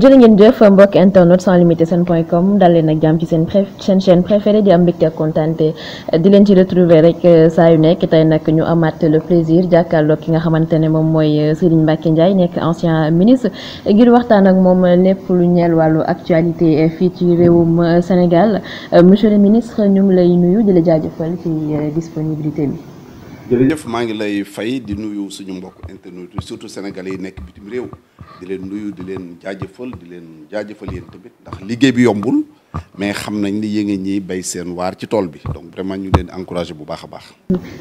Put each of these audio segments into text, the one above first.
jërë ngeen jëf mbokk internet sans limite seen point com dal leen ak jàmm ci seen pré seen chaîne préférée di am mbégte ak kontaante di leen ci retrouver rek euh, saa yu nekk tey nag ñu amat le plaisir jàkkaarloo ki nga xamante ne moom mooy euh, Serigne Mbacke Ndiaye nekk ancien ministre ngir waxtaan ak moom lépp lu ñeel wàllu actualité fii ci réewum euh, Sénégal monsieur le ministre ñu ngi lay nuyu di la jaajëfal ci disponibilité bi. jërëjëf maa ngi lay fay di nuyu suñu mbokk internet surtout sénégalais yi nekk bitim réew di leen nuyu di leen jaajëfal di leen jaajëfal yéen tamit ndax liggéey bi yombul mais xam nañ ni yéen a ñiy béy seen waar ci tool bi donc vraiment ñu leen encouragé bu baax a baax.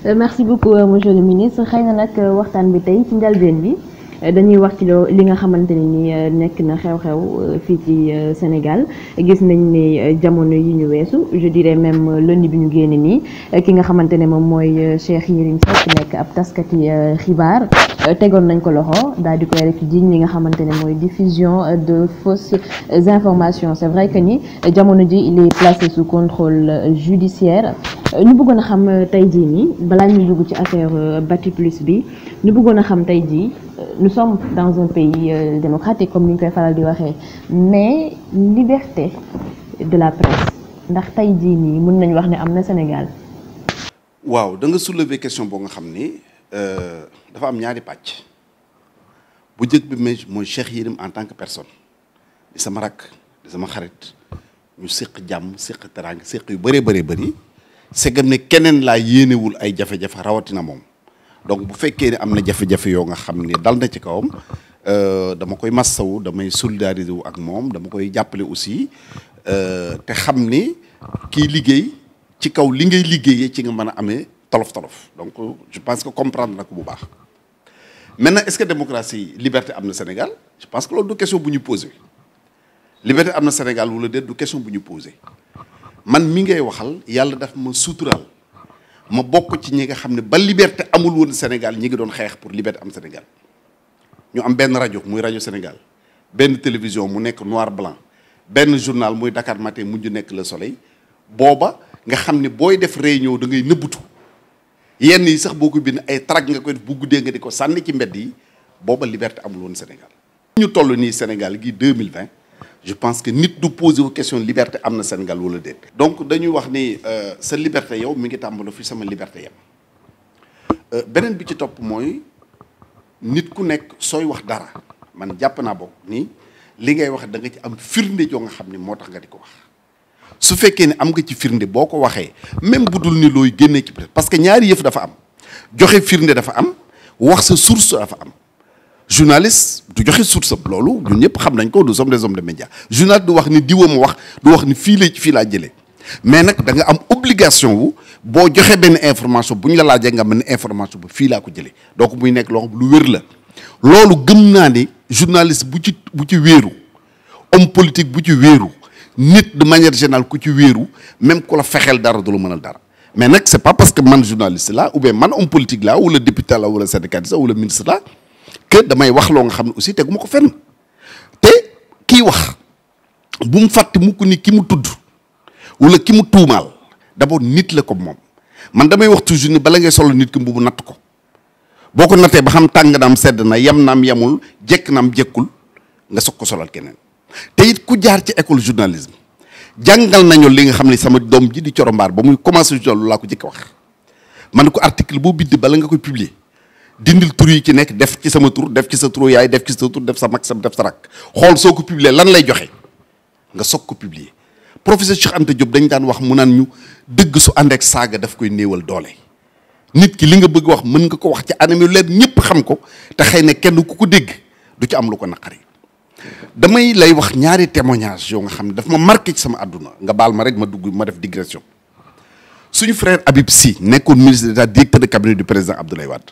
Euh, merci beaucoup euh, monsieur le ministre xëy na nag euh, waxtaan bi tey ci njëlbeen bi. dañuy wax ci li nga xamante ne ni euh, nekk na xew-xew euh, fii ci euh, Sénégal gis nañ ne jamono yi ñu weesu je dirais même lundi bi ñu génne nii ki nga xamante ne moom mooy Cheikh Yérim Seck nekk ab taskati xibaar tegoon nañ ko loxo daal di koy rek jiiñ li nga xamante ne mooy diffusion de fausses informations c'est vrai que ni jamono ji il est placé sous contrôle judiciaire ñu bëggoon a xam tey jii nii balaa ñuy dugg ci affaire Batiplus bi ñu bëggoon a xam tey jii. nous sommes dans un pays euh, démocratique comme ni ñu koy faral di waxee mais liberté de la presse ndax tey jii nii mën nañu wax ne am na Sénégal. waaw da nga soulever question boo nga xam ni euh, dafa am ñaari pàcc bu jëkk bi mais mooy Cheikh Yérim en tant que personne di sama rakk di sama xarit ñu séq jàmm séq teraanga séq yu bëree bëree bëri c'est que ne keneen laa yéenewul ay jafe-jafe rawatina moom. donc bu fekkee ne am na jafe-jafe yoo nga xam ni dal na ci kawam euh, dama koy massawu damay solidariser wu ak moom dama koy jàppale aussi euh, te xam ni kii liggéey ci kaw li ngay liggéeyee ci nga mën a amee tolof tolof donc je pense que comprendre na ko bu baax na est-ce que démocratie liberté am na Sénégal je pense que loolu du question bu ñu posé liberté am na Sénégal wala déet du question bu ñu posé man mi ngay waxal yàlla def ma suturaal. ma bokk ci ñi nga xam ne ba liberté amul woon Sénégal ñi ngi doon xeex pour liberté am Sénégal ñu am benn rajo muy rajo Sénégal benn télévision mu nekk noir blanc benn journal muy Dakar Matin mujj nekk la Soleil booba nga xam ne booy def réunion da ngay nëbbutu yenn yi sax boo ko bind ay trac nga koy def bu guddee nga di ko sànni ci mbedd yi booba liberté amul woon Sénégal ñu toll nii Sénégal gi 2020 je pense que nit du posé wu question liberté am na Sénégal wala déet. donc dañuy wax ni euh, sa liberté yow mi ngi tàmbali fi sama liberté yam euh, beneen bi ci topp mooy nit ku nekk sooy wax dara man jàpp naa boog ni li ngay wax danga nga ci am firnde joo xam ni moo tax nga di ko wax. su fekkee ne am nga ci firnde boo ko waxee même bu dul ni looy génnee ci peut parce que ñaari yëf dafa am joxe firnde dafa am wax sa source dafa am. journaliste du joxe source am loolu ñun ñëpp xam nañ ko nous sommes des hommes de médias journaliste du wax ni diwama wax du wax ni fii la fii laa jëlee mais nag danga am obligation wu boo joxe benn information bu ñu la laajee nga mën information ba fii laa ko jëlee donc muy nekk loo xam lu wér la loolu gëm naa ni journaliste bu ci bu ci wéeru homme politique bu ci wéeru nit de manière générale ku ci wéeru même ku la fexeel dara du la mënal dara mais nag c'est pas parce que la ou bien man homme la wala député la wala syndicaliste la wala ministre la que damay wax loo nga xam ne aussi teguma ko fenn te kii wax bu mu fàtte mukk ni ki mu tudd wala ki mu tuumaal d'abord nit la ko moom man damay wax toujours ni bala ngay solo nit ki mbubu natt ko boo ko nattee ba xam tàng naam sedd na yem naam yemul jekk naam jekkul nga soog ko solal keneen te it ku jaar ci école journalisme jàngal nañu li nga xam ne sama doom ji di corombaar ba muy commencé journal laa ko jëkk wax man ko article boo bind bala nga koy publier dindil tur yi ci nekk def ci sama tur def ci sa turu yaay def ci sa tur def sa mag sa def sa rakk xool soo ko publier lan lay joxe nga soog ko publier professeur Cheikh Anta Diop dañ daan wax mu naan ñu dëgg su ànd ak saaga koy néewal doole nit ki li nga bëgg wax mën nga ko wax ci anam yu leer ñëpp xam ko te xëy na kenn ku ko dégg du ci am lu ko naqari damay lay wax ñaari témoignage yoo nga xam ne daf ma marqué sama àdduna nga baal ma rek ma dugg ma def digression suñu frère Habib Sy nekkoon ministre d'État directeur de cabinet du président Abdoulaye Wade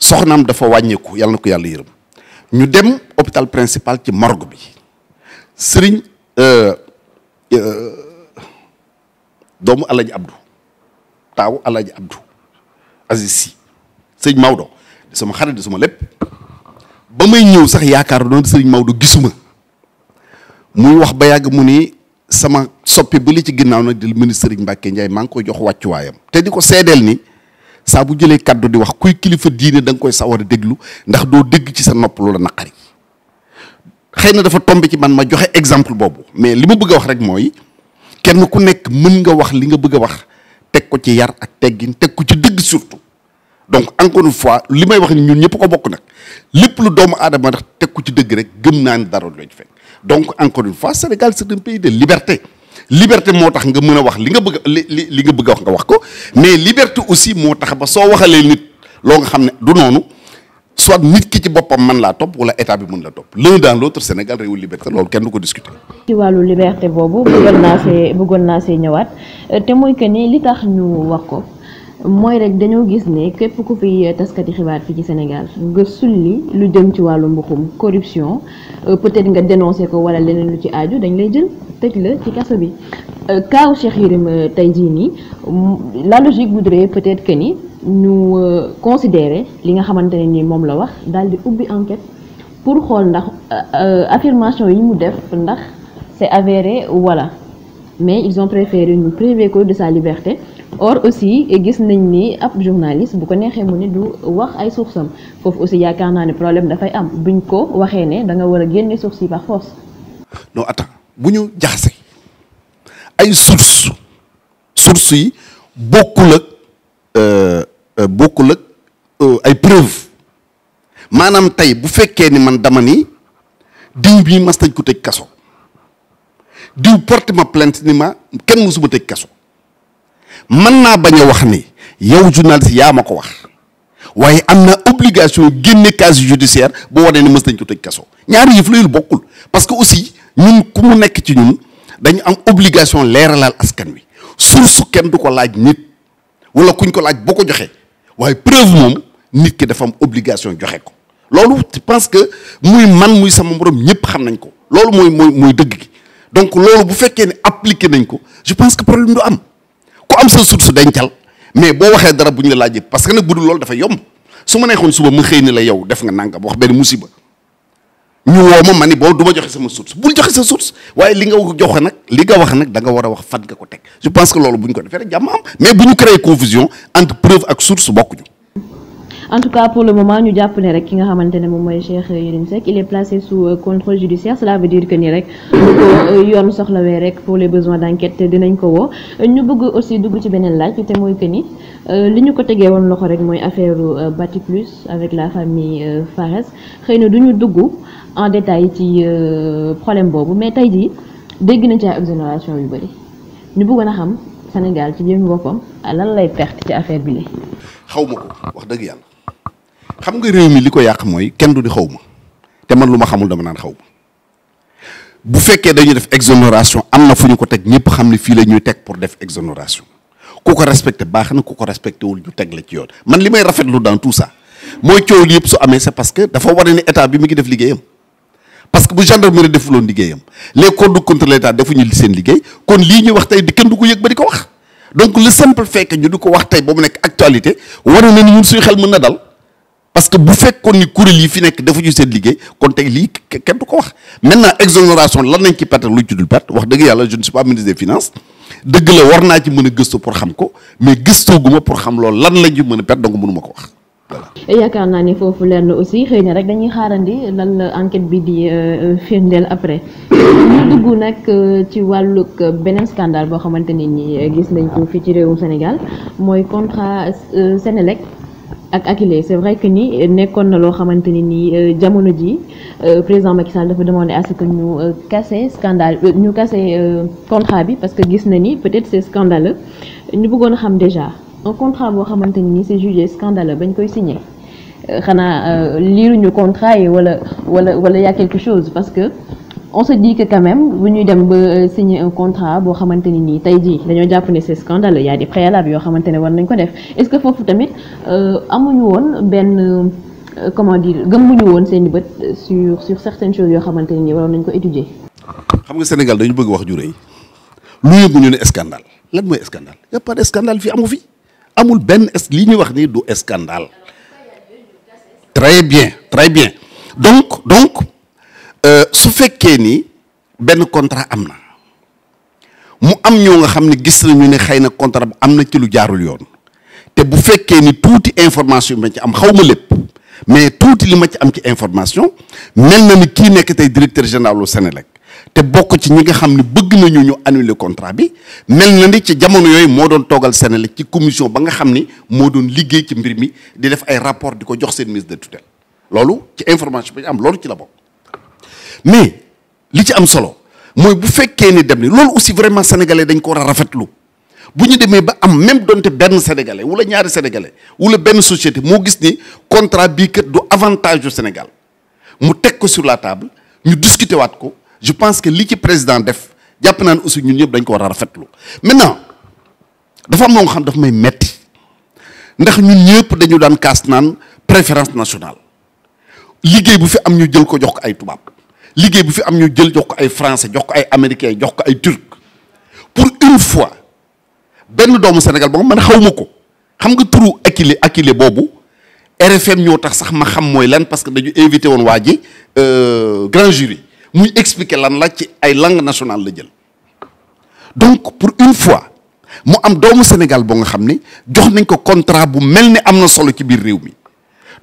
soxnaam dafa wàññeeku yàlla na ko yàlla yërëm ñu dem hôpital principal ci morgue bi sëriñ euh, euh, doomu alaji abdu taaw alaji abdu asi Si sëriñ Maodo di sama xarit di sama lépp ba may ñëw sax yaakaar doon sëriñ Maodo gisuma muy wax ba yàgg mu ni sama soppi bu li ci ginnaaw nag di ministre sëriñ Mbàkke Njaay maa ngi koy jox wàccuwaayam te di ko seedeel ni saa bu jëlee kàddu di wax kuy kilifa diine da nga koy sawar a déglu ndax doo dégg ci sa nopp la naqari xëy na dafa tomb ci man ma joxe exemple boobu mais li ma bëgg a wax rek mooy kenn ku nekk mën nga wax li nga bëgg a wax teg ko ci yar ak teggin teg ko ci dëgg surtout donc encore une fois li may wax ni ñun ñëpp ko bokk nag lépp lu doomu aadama ndax teg ko ci dëgg rek gëm naa ne dara du la ci donc encore une fois Sénégal c'est un pays de liberté liberté moo tax nga mën a wax li nga bëgg li li li nga bëgg a wax nga wax ko mais liberté aussi moo tax ba soo waxalee nit loo nga xam ne du noonu soit nit ki ci boppam man laa topp wala état bi mën la topp l'un dans l'autre Sénégal réewu liberté loolu kenn du ko discuter. ci wàllu liberté boobu bëggoon naa see bëggoon naa see ñëwaat te mooy que ni li tax ñu wax ko. mooy rek dañoo gis ne képp ku fi taskati xibaar fii ci Sénégal nga sulli lu jëm ci wàllu mbuxum corruption euh, peut-être nga dénoncé ko wala leneen lu ci ajo dañ lay jël tëj la ci kaso bi euh, kaaw Cheikh Yérim euh, tey jii nii mm, la logique voudrait peut-être que ni ñu considérer li nga xamante ne ni moom la wax daal di ubbi enquête pour xool ndax affirmation yi mu def ndax c'est avéré wala mais ils ont préféré ñu priver ko de sa liberté or aussi gis nañ ni ab journaliste bu ko neexee mu ne du wax ay source foofu aussi yaakaar naa ni problème dafay am buñ ko waxee ne danga war a génne source yi par force. bu ñu jaxase ay source source yi bokkul ak euh, euh, bokkul ak euh, ay preuve maanaam tey bu fekkee ni man dama ni diw bi ma nañ ko tëj kaso diw porte ma plainte ni ma kenn mësuma tëj kaso. man naa bañ a wax ni yow journaliste yaa ma ko wax waaye am na obligation génne casier judiciaire boo wane ne mës nañ ko tëj kaso ñaari yëf la bokkul parce que aussi ñun ku mu nekk ci ñun dañu am obligation leeralal askan wi source kenn du ko laaj nit wala kuñ ko laaj boo ko joxee waaye preuve moom nit ki dafa am obligation joxe ko loolu je pense que muy man muy sama morom ñëpp xam nañ ko loolu mooy mooy mooy dëgg gi donc loolu bu fekkee ne appliqué nañ ko je pense que problème du am. ku am sa source dencal mais boo waxee dara bu ñu la laajee parce que nag bu dul loolu dafa yomb su ma neexoon suba mu xëy ni la yow def nga nangam wax benn musiba ñu woo ma ma ni boo du ma joxe sama source bul joxe sa source waaye li nga joxe nag li nga wax nag danga war a wax fan nga ko teg je pense que loolu bu ñu ko defee rek jàmm am mais bu ñu créer confusion entre preuve ak source bokkuñu. en tout cas pour le moment ñu jàpp ne rek ki nga xamante ne moom mooy Cheikh Yérim Seck il est placé sous euh, contrôle judiciaire cela veut dire que ni rek bu ko euh, yoon soxlawee rek pour les besoins d'enquête dinañ ko woo ñu bëgg aussi dugg ci beneen laaj te mooy que ni euh, li ñu ko tegee woon loxo rek mooy affaire Bati Plus avec la famille Fares xëy na du ñu dugg en détail ci problème boobu mais tey jii dégg nañ ci ay exonération yu bëri ñu bëggoon a xam Sénégal ci jëm boppam lan lay perte ci affaire bi li xam nga réew mi li ko yàq mooy kenn du di xaw ma te man lu ma xamul dama naan xaw ma bu fekkee dañu def exonération am na fu ñu ko teg ñëpp xam ne fii la ñuy teg pour def exonération ku ko respecté baax na ku ko respecté wul ñu teg la ci yoon man li may rafetlu dans tout ça mooy coow li yëpp su amee c'est parce que dafa wane ne état bi mu ngi def liggéeyam parce que bu gendarmerie defuloon liggéeyam les corps de contrôle l'État defuñu seen liggéey kon lii ñuy wax tey di kenn du ko yëg ba di ko wax donc le simple fait que ñu di ko wax tey ba mu actualité waru na ni ñun xel mën na dal. parce que bu fekkoon ni kuréel yi fi nekk defuñu seen liggéey kon tey lii kenn du ko wax maintenant exonération lan nañ ci perte lu ci dul perte wax dëgg yàlla je ne suis pas ministre des finances dëgg la war naa ci mën a gëstu pour xam ko mais gëstooguma pour xam lool lan lañ ci mën a perte donc mënuma ko wax yaakaar naa ni foofu leer na aussi xëy na rek dañuy xaarandi lan la bi di euh, euh, firndeel après ñu dugg nag euh, ci wàllug beneen scandale boo xamante ne nii gis nañ ko fii ci réewum Sénégal mooy contrat Sénélec. ak Akile c'est vrai que ni euh, nekkoon na loo xamante ni nii euh, jamono ji euh, président Macky Sall dafa demandé à ce que ñu casser scandale ñu casser contrat bi parce que gis na ni peut-être c'est scandaleux ñu bëggoon a xam déjà un contrat boo xamante ni nii c'est jugé scandaleux bañ koy signé xanaa liiruñu contrat yi wala wala wala y a chose parce que. on se dit que quand même bu ñuy dem ba euh, signer un contrat boo xamante ni nii tey jii dañoo jàpp ne c'est scandaleux y a des préalables yoo xamante ne war nañ ko def est-ce que foofu tamit euh, amuñu woon benn euh, comment dire gëmmuñu woon seen i bët sur sur certaines choses yoo xamante ne nii waroon nañ ko étudier. xam nga Sénégal dañu bëgg wax ju rëy lu yëguñu ne scandale lan mooy scandale y a pas de scandale fii amu fi amul benn li ñuy wax nii du scandale. très bien très bien Euh, su fekkee ni benn contrat am na mu am ñoo nga xam ni gis nañu ne xëy na contrat bi am na ci lu jaarul yoon te bu fekkee ni tuuti information bi ma ci am xaw ma lépp mais tuuti li ma ci am ci information mel na ni kii nekk tey directeur général u Senelec te bokk ci ñi nga xam ne bëgg nañu ñu annuler contrat bi mel na ni ci jamono yooyu moo doon toogal Senelec ci commission ba nga xam ni moo doon liggéey ci mbir mi di def ay rapport di ko jox seen ministre de loolu ci information bi am loolu ci la bokk mais li ci am solo mooy bu fekkee ni dem ni loolu aussi vraiment sénégalais dañ ko war a rafetlu bu ñu demee ba am même donte benn sénégalais wala ñaari sénégalais wala benn société moo gis ni contrat bii kat du avantage du Sénégal mu teg ko sur la table ñu discuter waat ko je pense que li ci président def jàpp naa ne aussi ñun ñëpp dañ ko war a rafetlu maintenant dafa am loo xam dafa may metti ndax ñun ñëpp dañu daan kaas naan préférence nationale liggéey bu fi am ñu jël ko jox ko ay tubaab. liggéey bu fi am ñoo jël jox ko ay français jox ko ay américain jox ko ay turc pour une fois benn doomu Sénégal ba nga man xaw ma ko xam nga turu Akile Akile boobu RFM ñoo tax sax ma xam mooy lan parce que dañu invité woon waa ji euh, grand jury muy expliquer lan la ci ay langue nationale la jël donc pour une fois mu am doomu Sénégal boo nga xam ni jox nañ ko contrat bu mel ni am na solo ci biir réew mi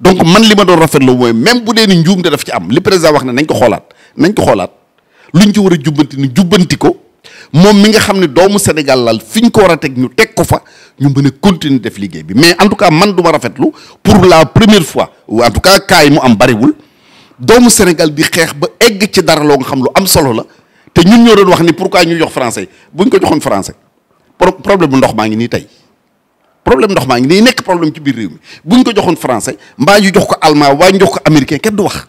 donc man li ma doon rafetlu mooy même bu dee ni njuum te daf ci am li président wax ne nañ ko xoolaat nañ ko xoolaat luñ ci war a jubbanti ni jubbanti ko moom mi nga xam ne doomu Sénégal laal ko war a teg ñu teg ko fa ñu mën a continuer def liggéey bi mais en tout cas man du ma rafetlu pour la première fois ou en tout mu am bariwul doomu Sénégal di xeex ba egg ci dara loo nga xam lu am solo la te ñun ñoo doon wax ni pourquoi ñu jox français buñ ko joxoon français problème bu ndox maa ngi nii tey problème ndox maa ngi nii nekk problème ci biir réew mi buñ ko joxoon français mbaa ñu jox ko allemand waa ñu jox ko américain kenn du wax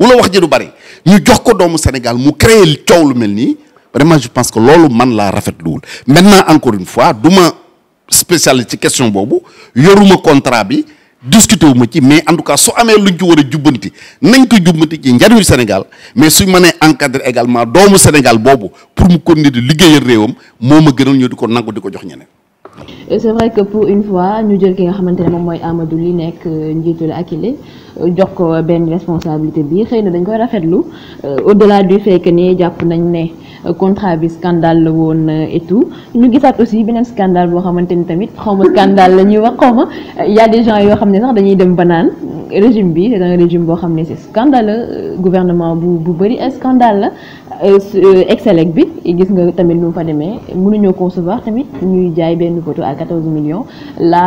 wala wax ji bari ñu jox ko doomu Sénégal mu créer coow lu mel nii vraiment je pense que loolu man laa rafetluwul maintenant encore une fois du ma spécialiste ci question boobu yoruma contrat bi discuté wu ma ci mais en tout cas su amee lu ci war a jubbanti nañ ko jubbanti ci njariñu Sénégal mais suñ manee encadrer également doomu Sénégal boobu pour mu continuer di liggéeyal réewam moo ma gënal ñu du ko nangu di ko jox ñeneen. Euh, c'est vrai que pour une fois ñu jël ki nga xamante ne moom mooy amadu li nekk euh, njiitu la Akilee euh, jox ko benn responsabilité bi xëy na dañ koy rafetlu au-delà du fait nii jàpp nañ ne contrat bi scandale la woon et ñu gisaat aussi beneen scandale boo xamante ni tamit xaw ma scandale la ñuy wax xaw ma y a des gens yoo xam ne sax dañuy dem ba naan régime bi c'est un régime boo xam ne si scandale gouvernement bu bu bëri scandale la Euh, euh, Excelec bi gis nga tamit nu mu fa demee mënuñoo concevoir tamit ñuy jaay benn photo à 14 millions là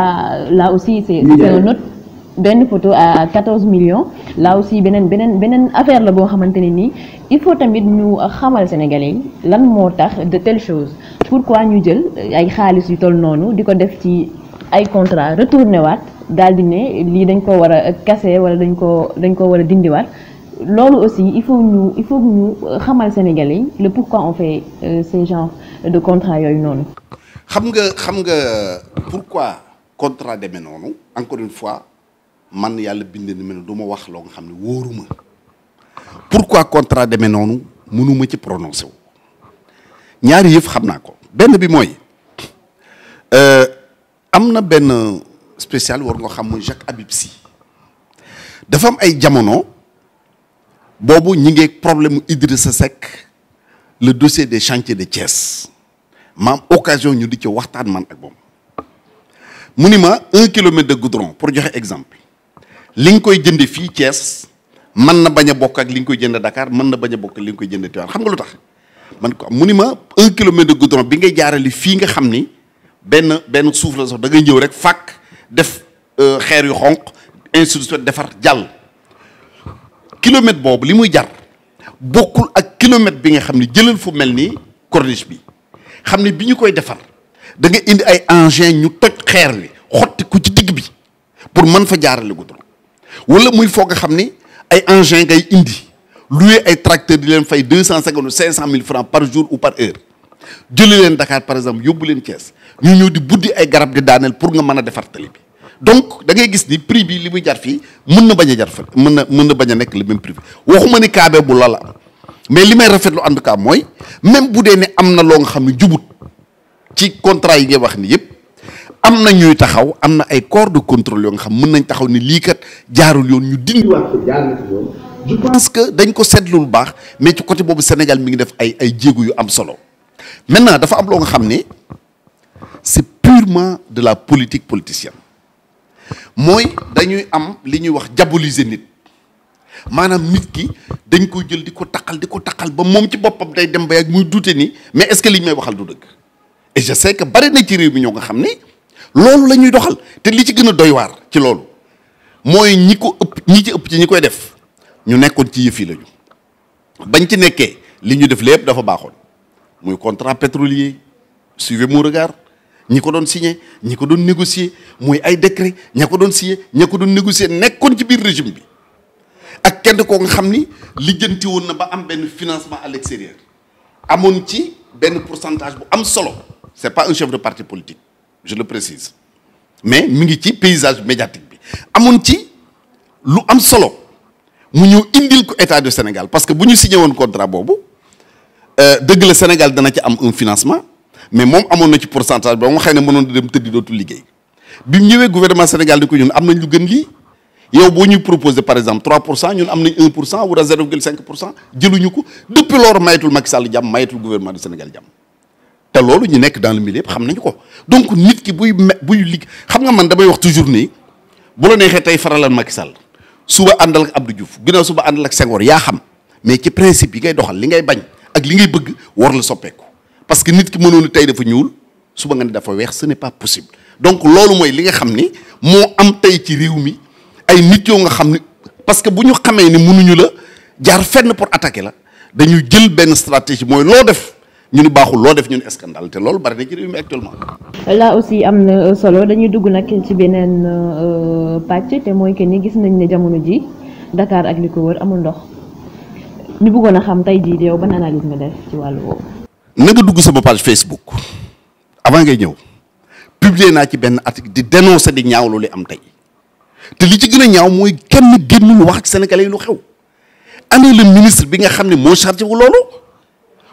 là aussi c'est c'est benn photo à 14 millions là aussi beneen beneen beneen affaire la boo xamante ne nii il faut tamit ñu xamal Sénégalais yi lan moo tax de telles choses pourquoi ñu jël ay xaalis yu toll noonu di ko def ci ay contrat retourné waat daal di ne lii dañ ko war a kase wala dañ ko dañ ko war a dindiwaat loolu aussi il faut ñu il faut ñu xamal Sénégalais yi le pourquoi on fait euh, ces de contrat yooyu noonu. xam nga xam nga pourquoi contrat demee noonu encore une fois man yàlla bind na ma ne du ma wax loo nga xam ne wóoruma pourquoi contrat demee noonu mënuma ci prononcé wu ñaari yëf xam naa ko benn bi mooy euh, am na benn spécial war nga xam mooy Jacques Habib Sy dafa ay jamono. boobu ñu ngeeg problème mu sa sec le dossier des chantiers de Thiès ma am occasion ñu di ci waxtaan man ak moom mu ni ma un kilomètre de goudron pour joxe exemple li nga koy jënde fii Thiès mën na bañ bokk ak li nga koy jënde Dakar mën na bañ bokk ak li nga koy jënde Tivaouane xam nga lu tax man ko mu ni ma un kilomètre de goudron bi ngay jaarali fii nga xam ni benn benn suuf la sax da ngay ñëw rek fàkk def euh, xeer yu xonq institution defar jàll kilomètre boobu li muy jar bokkul ak kilomètre bi nga xam ne jëlal fu mel ni corniche bi xam ne bi ñu koy defar da nga indi ay engin ñu toj xeer wi xotti ku ci digg bi pour man fa jaarale goudron wala muy foog a xam ni ay engin ngay indi loué ay tracteur di leen fay deux cent cinquante cinq cent mille francs par jour ou par heure jëli leen Dakar par exemple yóbbu leen Thiès ñu ñëw di buddi ay garab di daaneel pour nga mën a defar tali bi donc da ngay gis ni prix bi li muy jar fii mën na bañ a jar fa mën na mën na bañ a nekk le même prix bi waxuma ni cas bu la la mais li may rafetlu en tout cas mooy même bu dee ne am na loo nga xam ne jubut ci contrat yi ngay wax ni yëpp am na ñuy taxaw am na ay corps de contrôle yoo nga xam mën nañ taxaw ni lii kat jaarul yoon ñu dindi waat ko que dañ ko seetlu lu baax mais ci côté boobu Sénégal mi ngi def ay ay jéego yu am solo maintenant dafa am loo nga xam ne c'est purement de la politique politicienne mooy dañuy am li ñuy wax diaboliser nit maanaam nit ki dañ koy jël di ko taqal di ko taqal ba moom ci boppam day dem ba yàgg muy dute ni mais est-ce que li ñu may waxal du dëgg et je sais que bari na ci réew mi ñoo nga xam ni loolu la ñuy doxal te li ci gën a doy waar ci loolu mooy ñi ko ëpp ñi ci ëpp ci ñi koy def ñu nekkoon ci yëf lañu bañ ci nekkee li ñu def lépp dafa baaxoon muy contrat pétrolier suivez mon regard ñi ko doon signé ñi ko doon négocier muy ay décret ña ko doon signé ña ko doon négocier nekkoon ci biir régime bi ak kenn koo nga xam ni lijjanti woon na ba am benn financement à amoon ci benn pourcentage bu am solo c'est pas un chef de parti politique je le précise mais mi ngi ci paysage médiatique bi amoon ci lu am solo mu ñëw indil ko état de Sénégal parce que bu ñu signé woon contrat boobu euh, dëgg la Sénégal dana ci am un financement mais moom amoon na ci pourcentage ba nga xëy ne mënoon dem tëddi dootul liggéey bi mu ñëwee gouvernement Sénégal di ko ñun am nañ lu gën lii yow boo ñuy proposé par exemple 3 pour cent ñun am nañ 1 pour cent wala 0,5 pour cent jëluñu ko depuis loolu mayetul Macky Sall jàmm mayetul gouvernement du Sénégal jàmm te loolu ñu nekk dans le milieu xam nañu ko donc nit ki buy me buy ligg xam nga man damay wax toujours nii bu la neexee tey faralal Macky Sall suba àndal ak Abdou Diouf ginnaaw suba àndal ak Senghor yaa xam mais ci principe yi ngay doxal li ngay bañ ak li ngay bëgg war la soppeeku. parce que nit ki mënoonu tey dafa ñuul suba nga ne dafa weex ce n'est pas possible donc loolu mooy li nga xam ni moo am tey ci réew mi ay nit nga xam ni parce que bu ñu xamee ni mënuñu la jaar fenn pour attaque la dañuy jël benn stratégie mooy loo def ñu ni baaxul loo def ñu ne scandale te loolu bari na ci réew mi actuellement. là aussi am na solo dañuy dugg nag ci beneen euh, pàcc te mooy que ni gis nañ ne jamono ji ndakaar ak li ko wër amul ndox ñu buggoon a xam tey jii yow ban analyse nga def ci wàllu woowu. na nga dugg sama page Facebook avant ngay ñëw publier naa ci benn article di sa di ñaawlu li am tey te li ci gën a ñaaw mooy kenn génnul wax ak sénégalais yi lu xew année le ministre bi nga xam ne moo chargé wu loolu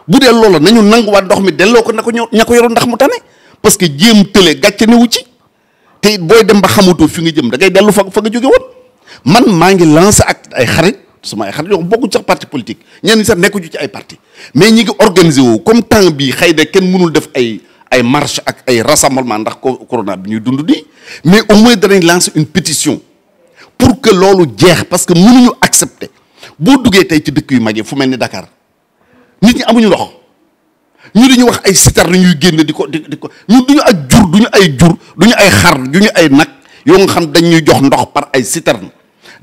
bu dee loolu nañu nanguwaat ndox mi delloo ko na ko ña ko yoroon ndax mu tane parce que jéem tële gàcce newu ci te it booy dem ba xamatoo fi nga jëm dangay dellu fa fa nga jóge woon man maa ngi lancé ak ay xarit suma ay xarit yoo xam bokkuñ sax parti politique ñenn ñi sax nekkuñu ci ay parti mais ñu ngi organisé wu comme temps bi xëy na kenn mënul def ay ay marche ak ay rassemblement ndax corona bi ñuy dund nii mais au moins danañ lancer une pétition pour que loolu jeex parce que mënuñu accepter boo duggee tey ci dëkk yu mag yi fu mel ni Dakar nit ñi amuñu ndox ñu dañuy wax ay sitar la ñuy génn di ko di ko ñu duñu ak duñu ay jur duñu ay xar duñu ay nag yoo nga xam dañ ñuy jox ndox par ay citerne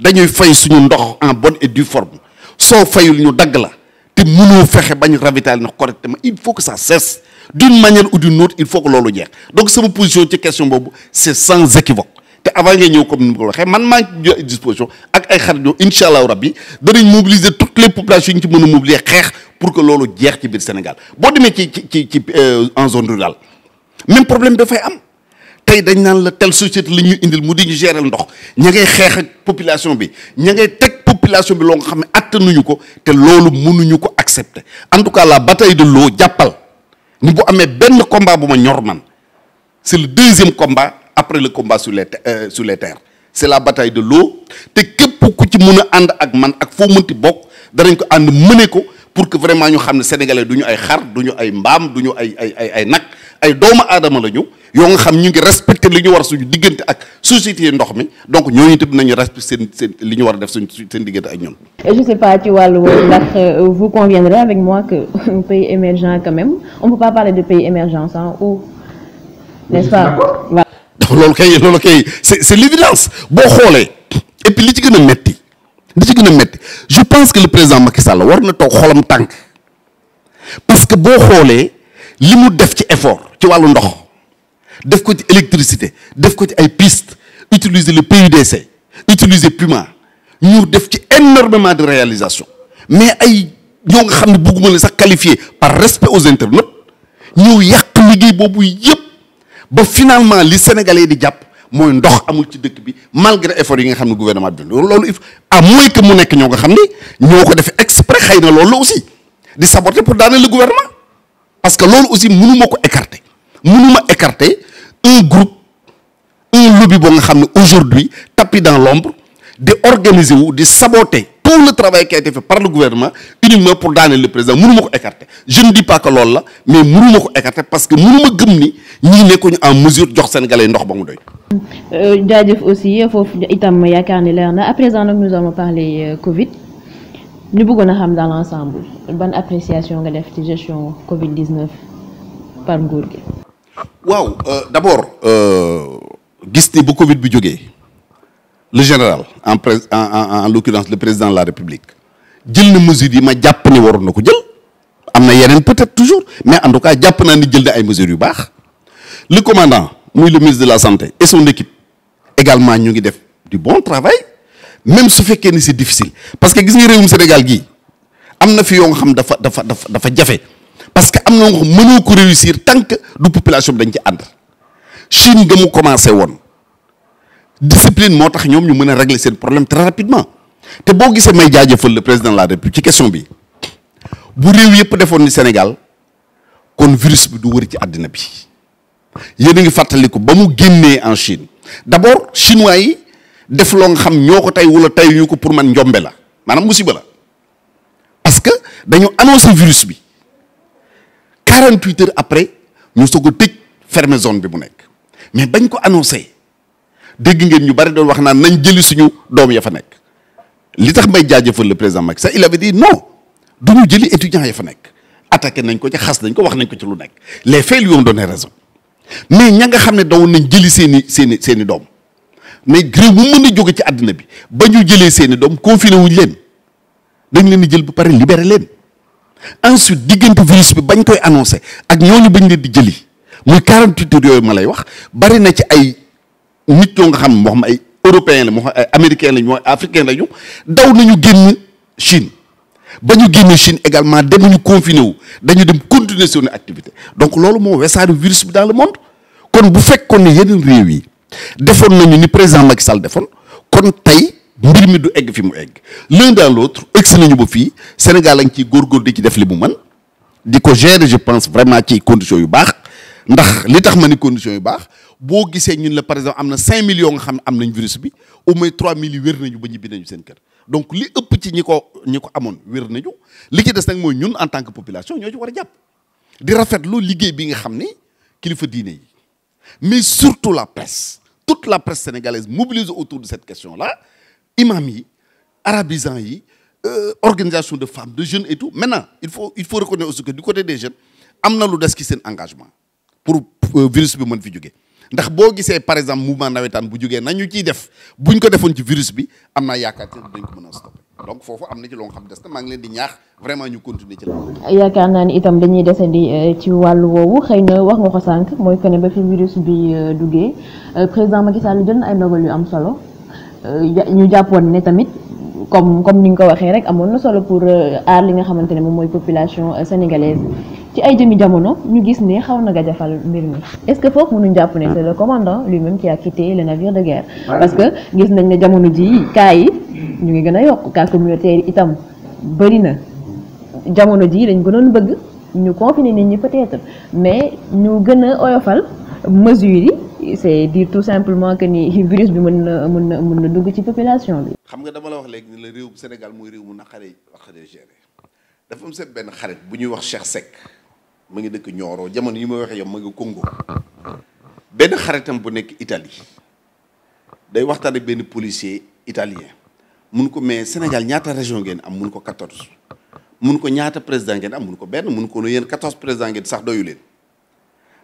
dañuy fay suñu ndox en bonne et due forme soo fayul ñu dagg la te mënoo fexe bañ ravitailler ndox correctement il faut que ça cesse d'une manière ou d'une autre il faut que loolu jeex donc sama position ci question boobu c'est sans équivoque te avant ngay ñëw comme ni mu ko waxee man maa ngi disposition ak ay xarit yoo incha allahu rabbi danañ mobiliser toutes les populations yi ñu ci mën a mobiliser xeex pour que loolu jeex ci biir Sénégal boo demee ci ci ci euh, en zone rurale même problème dafay am. tey dañ naan la tel société la ñuy indil mu di ñu gérer ndox ña ngay xeex ak population bi ña ngay teg population bi loo nga xam ne attanuñu ko te loolu munuñu ko accepter en tout cas la bataille de l'eau jàppal ni bu amee benn combat bu ma ñor man c'est le deuxième combat après le combat sur les euh, sur les terres c'est la bataille de l'eau te képp ku ci mun a ànd ak man ak foo mënti bokk danañ ko ànd mëne ko pour que vraiment ñu xam ne sénégalais du ñu ay xar du ñu ay mbaam du ay ay ay ay nag ay doomu aadama la ñu yoo nga xam ñu ngi respecté li ñu war suñu diggante ak société ndox mi donc ñooñu itam nañu respecté seen seen li ñu war a def suñ seen diggante ak ñoom. je sais pas ci wàllu ndax euh, vous conviendrez avec moi que pays émergent loolu kay loolu kay c'est c'est l'évidence boo xoolee et li ci gën a métti li ci gën a métti je pense que le président Macky Sall war na toog xolam tànk parce que boo xoolee li mu def ci effort ci wàllu ndox. def ko ci électricité def ko ci ay piste utiliser le PUDC utiliser Puma ñu def ci énormément de réalisation mais ay ñoo nga xam ne bugguma la sax qualifié par respect aux internautes ñëw yàq liggéey boobu yëpp ba finalement li sénégalais di jàpp mooy ndox amul ci dëkk bi malgré effort yi nga xam ne gouvernement bi loolu il à moins que mu nekk ñoo nga xam ne ñoo ko defee exprès xëy na loolu aussi di saboter pour daaneel le gouvernement parce que loolu aussi mënuma ko écarter mënuma écarter un groupe un lobby boo nga xam ne aujourd'hui tapis dans l'ombre di organiser wu di saboter tout le travail qui a par le gouvernement uniquement pour daaneel le président mënu ma ko écarter je ne dis pas que loolu la mais mënu ko écarter parce que mënu gëm ni ñu nekkuñu en mesure jox Sénégalais ndox ba mu doy. Euh, jaajëf aussi foofu itam yaakaar ni leer na à présent nag nous allons parler euh, Covid ñu bëggoon a xam dans l' ensemble ban appréciation nga def ci gestion Covid 19 par nguur gi. waaw euh, d' abord euh, gis ni bu Covid bi jógee le général en pré en en en l'occurrence le président de la république jël na mesures yi ma jàpp ni waroon na ko jël am na yeneen peut-être toujours mais en tout cas jàpp naa ni jël na ay mesures yu baax le commandant muy le ministre de la santé et son équipe également ñu ngi def du bon travail même su fekkee ni c'est difficile parce que gis nga réewum Sénégal gii am na fi yoo xam dafa dafa dafa dafa jafe. parce que am na nga mënoo ko réussir tant du population bi dañ ci ànd Chine ga mu commencé woon discipline moo tax ñoom ñu mën a régler seen problème très rapidement te boo gisee may jaajëfal le président la République ci question bi bu réew yëpp defoon ni Sénégal kon virus bi du wër ci àddina bi yéen a ngi fàttaliku ba mu génnee en Chine d'abord chinois yi def loo nga xam ñoo ko tey wala tey ñu ko pour man njombe la maanaam musiba la parce que dañu annoncé virus bi 48 heures après ñu soog a tëj fermer zone bi mu nekk mais bañ ko annoncé dégg ngeen ñu bari doon wax naan nañ jëli suñu doom ya fa nekk li tax may jaajëfal le président Macky Sall il avait dit non du ñu jëli étudiants ya fa nekk attaqué nañ ko ci xas nañ ko wax nañ ko ci lu nekk les faits lui ont donné raison mais ña nga xam ne dawoon nañ jëli seen i seen seeni doom mais réew mu mën a jóge ci àddina bi ba ñu jëlee seeni doom confiné wuñ leen dañ leen di jël ba pare libéré leen. ensuite diggante virus bi bañ koy annoncé ak ñooñu bañ leen di jëli muy 48 heures yooyu ma lay wax bari na ci ay nit yoo nga xam moo xam ay européen la moo ay américain lañ moo africain lañu daw nañu génn Chine ba ñu génn Chine également demuñu confiné wu dañu dem continuer seen activité donc loolu moo weesaaru virus bi dans le monde kon bu fekkoon ne yeneen réew yi defoon nañu ni président Macky Sall defoon kon tey. mbir mi du egg fi mu egg l'un dans l'autre egsi nañu ba fii Sénégal a ngi ciy góorgóor di ci def li mu man di ko gérer je pense vraiment ci conditions yu baax ndax li tax ma ni condition yu baax boo gisee ñun la par exemple am na cinq millions nga xam ne am nañ virus bi au moins trois mille wér nañu ba ñibbi nañu seen kër donc li ëpp ci ñi ko ñi ko amoon wér nañu li ci des nag mooy ñun en tant que population ñoo ci war a jàpp di rafetlu liggéey bi nga xam ni kilifa diine yi mais surtout la presse toute la presse sénégalaise mobilisée autour de cette question là imam yi arabisants yi euh, organisation de femmes de jeunes et tout il faut il faut du côté des jeunes am na lu des ci seen engagement pour euh, virus bi mën fi jóge ndax boo gisee par exemple mouvement nawetaan bu jógee nañu ciy def buñ ko defoon ci virus bi am naa yaakaar te dañ ko a stopper donc foofu am na des na maa leen di ñaax vraiment ñu continuer ci la. yaakaar naa ni itam dañuy desandi euh, ci wàllu woowu xëy na wax nga ko mooy que ba fi virus bi duggee président ñu jàppoon ne tamit comme comme ni nga ko waxee rek amoon na solo pour euh, aar li nga xamante ne moom mooy population euh, sénégalaise ci ay jëmi jamono ñu gis ne xaw na gajafal mbir mi est-ce que foofu mënuñ jàpp ne c'est le commandant lui-même qui a quitté le navire de guerre parce que gis nañ ne jamono ji cas yi ñu ngi gën a yokk cas communautaire itam bëri na jamono ji dañ gënoon bëgg ñu confiner nit ñu peut-être mais ñu gën a oyofal mesures yi c'est dire tout simplement que nii virus bi mën na mën na mën na dugg ci population bi. xam nga dama la wax léegi ni la réew bu Sénégal mooy réew mu naqaree naqaree gérer dafa am seen benn xarit bu ñuy wax Cheikh sec mu ngi dëkk Nioro jamono yi ma waxee yam mag ngi Congo benn xaritam bu nekk Italie day waxtaan ak benn policier italien mun ko mais Sénégal ñaata région ngeen am mun ko 14 mun ko ñaata président ngeen am mun ko benn mun ko ne yéen 14 président ngeen sax doyu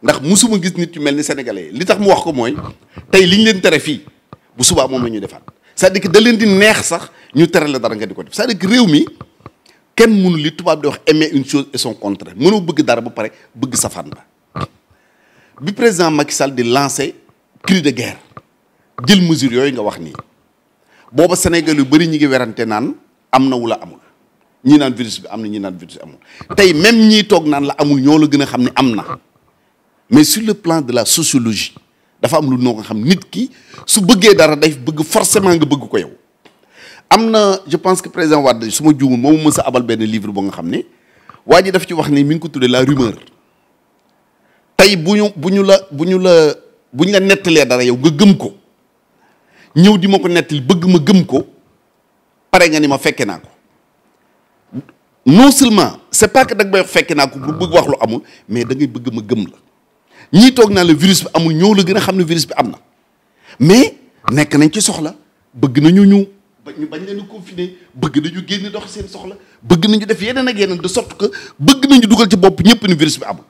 ndax musuma gis nit yu mel ni sénégalais li tax mu wax ko mooy tey li ñu leen tere fii bu subaa moom la ñuy defaat cest à da leen di neex sax ñu tere la dara nga di ko def cest à réew mi kenn mënu li tubaab di wax aimer une chose et son contraire mënoo bëgg dara ba pare bëgg safaan ba bi président Macky Sall di lancer cri de guerre jël mesure yooyu nga wax nii booba Sénégal yu bëri ñi ngi werante naan am na wala amul ñii naan virus bi am na ñii naan virus bi amul même ñii toog naan la amul ñoo la gën a xam ne am na mais sur le plan de la sociologie dafa am lu noo nga xam nit ki su bëggee dara day bëgg forcément nga bëgg ko yow am na je pense que président Wade su ma juumul moom mës a abal benn livre boo nga xam ne waa ji daf ci wax ni mi ngi ko tuddee la rumeur tey bu ñu bu ñu la bu ñu la bu ñu nettalee dara yow nga gëm ko ñëw di ma ko nettali bëgg ma gëm ko pare nga ni ma fekke naa ko non seulement c'est pas que dag may fekke naa ko bu bëgg wax lu amul mai da ngay bëgg ma gëm la ñii toog naa la virus bi amul ñoo la gën a xam ne virus bi am na mais nekk nañ ci soxla bëgg nañu ñu ñu bañ leen confiné bëgg nañu génn dox seen soxla bëgg nañu def yeneen ak yeneen de sorte que bëgg nañu dugal ci bopp ñëpp ni virus bi amul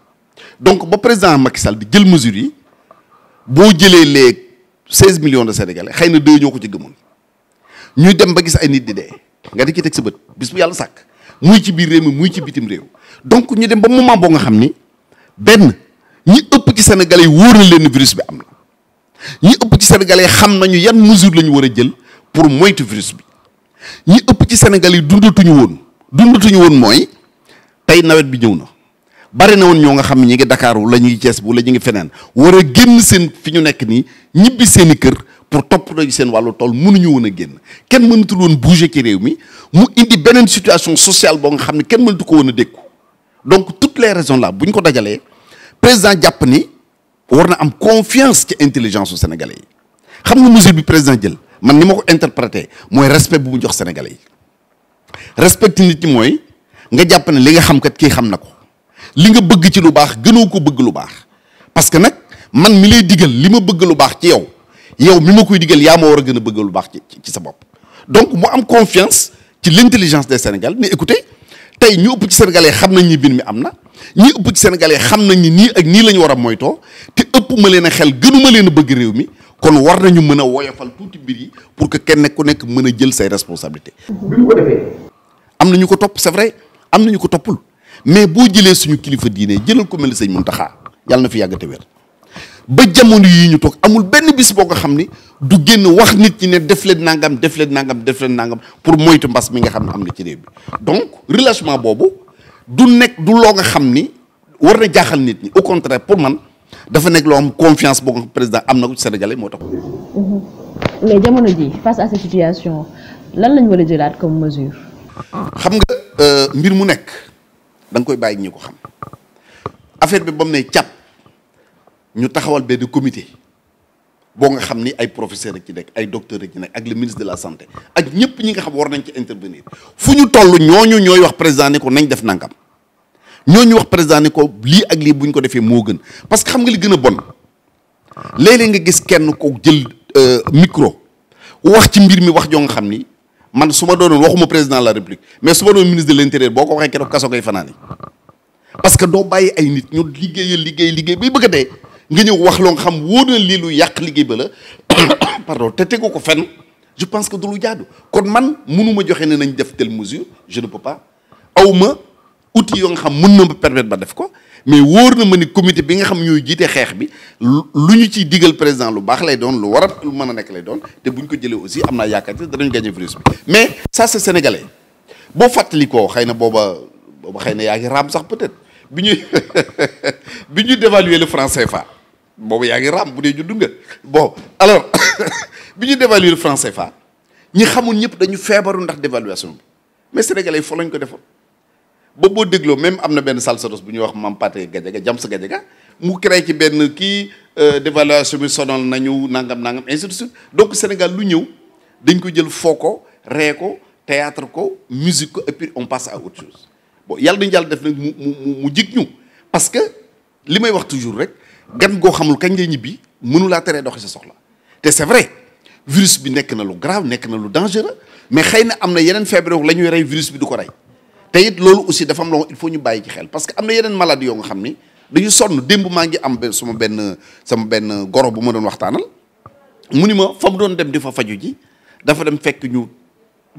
donc ba président Macky Sall di jël mesures yi boo jëlee les seize million de sénégalais xëy na deux ñoo ko ci gëmoon ñuy dem ba gis ay nit di dee nga di ci teg sa bët bis bu yàlla sàkk muy ci biir réew mi muy ci bitim réew donc ñu dem ba moment boo nga xam ni benn ñi ëpp ci sénégalais yi wóor lenn leen virus bi am na ñi ëpp ci sénégalais yi xam nañu yan mesure la ñu war a jël pour moytu virus bi ñi ëpp ci sénégalais yi dundatuñu woon dundatuñu woon mooy tey nawet bi ñëw na bari na woon ñoo nga xam ne ñu ngi Dakar wala ñu ngi Thiès wala ñu ngi feneen war a génn seen fi ñu nekk nii ñibbi seen i kër pour topp nañu seen wàllu tool mënuñu woon a génn kenn mënatul woon bouger ci réew mi mu indi beneen situation sociale boo nga xam ne kenn mënatu ko woon a dékku donc toutes les raisons là bu ñu ko dajalee président jàpp ni war na am confiance ci intelligence su sénégal yi xam nga mesure bi président jël man ni ma ko interprété mooy respect bu mu jox sénégalais yi respecté nit ñi mooy nga jàpp ne li nga xam kat kii xam na ko li nga bëgg ci lu baax gënoo ko bëgg lu baax parce que nag man mi lay digal li ma bëgg lu baax ci yow yow mi ma koy digal yaa ma war a gën a bëgg lu baax ci ci sa bopp donc mu am confiance ci l'intelligence de sénégal mais écoutez tey ñu ëpp ci sénégalais xam nañ ni mbir mi am na ñi ëpp ci sénégalais xam nañ ni nii ak nii la ñu war a moytoo te ëppuma leen a xel gënu ma leen a bëgg réew mi kon war nañu mën a woyofal tuuti mbir yi pour que kenn ku nekk mën a jël say responsabilité am na ñu ko topp c'est vrai am na ñu ko toppul mais boo jëlee suñu kilifa diine jëlal ko mel ni sëñ Muntaxa yàlla na fi yàgg te wér ba jamono yi ñu toog amul benn bis boo ko xam ni du génn wax nit ñi ne def leen nangam def leen nangam def leen nangam pour moytu mbas mi nga xam ne am na ci réew bi donc relâchement boobu du nekk du loo nga xam ni war na jaaxal nit ñi au contraire pour man dafa nekk loo am confiance xam président am na ko ci Sénégalais moo tax. Mhm. mais jamono ji face lan lañ war a jëlaat comme xam nga euh, mbir mu nekk danga koy bàyyi ñi ko xam affaire bi ba mu ne càpp ñu taxawal benn comité. boo nga xam ni ay professeur rek ci nekk ay docteur rek ci nekk ak le ministre de la santé ak ñëpp ñi nga xam war nañ ci intervenir fu ñu toll ñooñu ñooy wax président ni ko nañ def nangam ñooñu wax président ni ko lii ak lii bu ñu ko defee moo gën parce que xam nga li gën a bon léeg-léeg nga gis kenn ko jël euh, micro wax ci mbir mi wax joo nga xam ni man su ma doonoon waxuma président de la république mais su ma doon ministre de l' intérieur boo ko waxee keroog kaso koy fanaan parce que doo bàyyi ay nit ñu liggéeyal liggéey liggéey bay bëgg a dee nga ñëw wax loo nga xam wóor na lii lu yàq liggéey ba la pardon te tegu ko fenn je pense que du lu jaadu kon man munuma joxe ne nañ def telle mesure je ne peux pas aw ma outil yoo nga xam mun na ma permettre ba def ko mais wóor na ma ni comité bi nga xam ñoo jiite xeex bi lu ñu ciy digal président lu baax lay doon lu war a lu mën a nekk lay doon te buñ ko jëlee aussi am naa yaakaar te danañ gagné virus bi mais ça c'est sénégalais boo fàttali koo xëy na booba booba xëy na yaa ngi raam sax peut-être bi ñuy bi ñuy dévaluer le franc CFA boobu yaa ngi raam bu dee juddu nga bon alors bi ñu dévaluer le fa ñi xamul ñëpp dañu feebaru ndax dévaluation bi mais sénégalais foo lañ ko defoon ba boo dégloo même am na benn salsados bu ñu wax Mame Pathé Gadiaga jam sa Gadiaga mu créé ci benn kii euh, dévaluation bi sonal nañu nangam nangam ainsi de suite donc Sénégal lu ñëw dañ ko jël foo ko ree ko théâtre ko musique ko et puis on passe à autre chose bon yàlla dañu yàlla def nag mu mu jig ñu parce que li may wax toujours rek gan goo xamul kañ ngay ñibbi mënulaa teree doxi sa soxla te c'est vrai virus bi nekk na lu grave nekk na lu dangereux mais xëy na am na yeneen feebar la ñuy rey virus bi du ko rey te it loolu aussi dafa am loo il faut ñu bàyyi ci xel parce que am na yeneen maladie yoo nga xam ni dañu sonn démb maa ngi am sama benn sama benn goro bu ma doon waxtaanal mu ni ma fa mu doon dem di fa faju ji dafa dem fekk ñu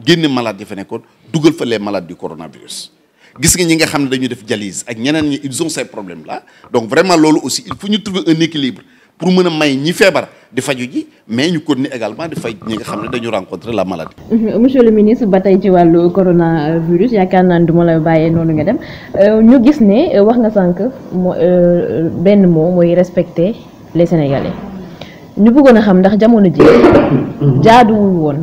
génne malade yi fa nekkoon dugal fa les malades du coronavirus. gis nga ñi nga xam ne dañu def dialyse ak ñeneen ñi ils ont ces problèmes là donc vraiment loolu aussi il faut ñu trouver un équilibre pour mën a may ñi feebar di faju ji mais ñu continuer également di faj ñi nga xam ne dañu rencontrer la maladie. Mhm, monsieur le ministre ba tey ci wàllu coronavirus yaakaar naa ne du ma la bàyyee noonu nga dem euh, ñu gis ne euh, wax nga sànq mo euh, benn moo mooy respecter les sénégalais ñu bëggoon a xam ndax jamono ji jaaduwul woon.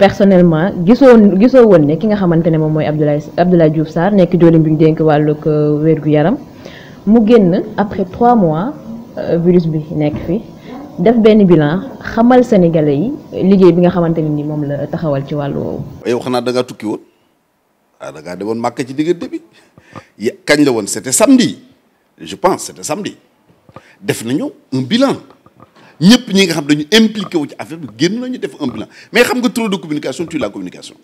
personnellement gisoo gisoo woon ne ki nga xamante ne moom mooy Abdoulaye Abdoulaye Diouf saar nekk joolim bi ñu dénk wàllug wér-gu-yaram mu génn après trois mois euh, virus bi nekk fi def benn bilan xamal sénégalais yi liggéey bi nga xamante ne ni moom la taxawal ci wàllu woowu. yow xanaa da ngaa tukki woon ah da ngaa demoon màkk ci diggante bi kañ la woon c'était samedi je pense c'était samedi def nañu un bilan. ñëpp ñi nga xam dañu impliqué wu ci affaire bi génn nañu def un bilan mais xam nga trop de communication tue la communication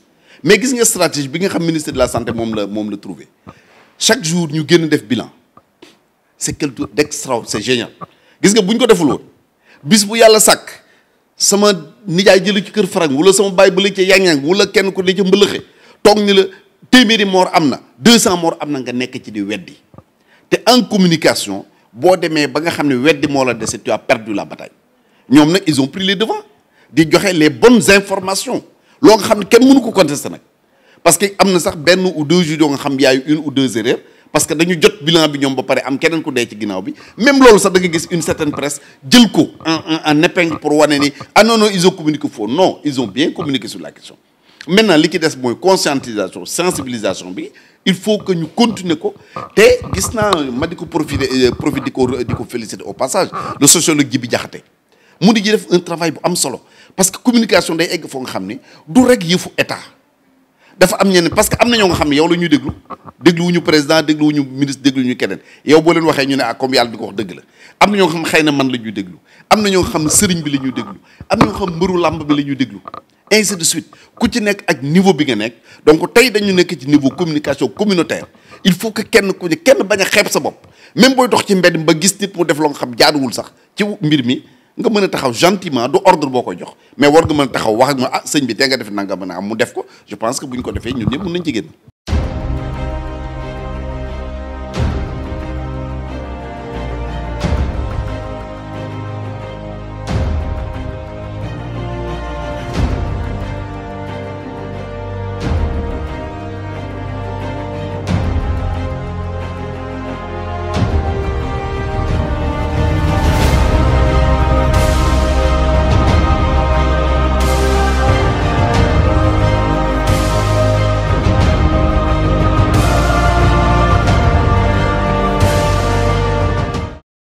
mais gis nga stratégie bi nga xam ministre de la santé moom la moom la trouvé chaque jour ñu génn def bilan c'est quelque chose d'extra c'est génial gis nga bu ñu ko deful bis bu yàlla sàkk sama nijaay jëlee ci kër Farang wala sama baay bële ca yang-yang wala kenn ku ne ca mbëlëxe toog ni la téeméeri mort am na 200 mort am na nga nekk ci di weddi te en communication boo demee ba nga xam ne weddi moo la dese tu as la bataille. ñoom nag ils ont pris les devants di joxe les bonnes informations loo nga xam ne kenn mënu ko contester nag parce que am na sax benn ou deux jours yoo nga xam yaayu une ou deux erreurs parce que dañu jot bilan bi ñoom ba pare am keneen ko dee ci ginnaaw bi même loolu sax da nga gis une certaine presse jël ko en en épingle pour wane ni ah non non ils ont communiqué faux non ils ont bien maintenant li ci des mooy conscientisation sensibilisation bi il faut que ñu continuer ko te gis naa ma di ko profité euh, profité di ko di ko féliciter au passage le sociologue Djibi mu di ji def un travail bu am solo parce que communication day egg foo nga xam ne du rek yëfu état dafa am ñenn parce que am na ñoo nga xam ne yow la ñuy déglu dégluwuñu président dégluwuñu ministre dégluwuñu keneen yow boo leen waxee ñu ne ah comme yàlla bi ko wax dëgg la am na ñoo nga xam xëy na man la ñuy déglu am na ñoo nga xam sëriñ bi la ñuy déglu am na ñoo xam mbëru làmb bi la ñuy déglu ainsi de suite ku ci nekk ak niveau bi nga nekk donc tey dañu nekk ci niveau communication communautaire il faut que kenn ku ne kenn bañ a xeeb sa bopp même booy dox ci mbedd ba gis nit def loo xam jaaduwul sax ci mbir mi nga mën a taxaw gentiment du ordre boo koy jox mais war nga mën a taxaw wax ak ma ah sëñ bi te nga def nangam mën a am mu def ko je pense que bu ñu ko defee ñun ñëpp mën nañ ci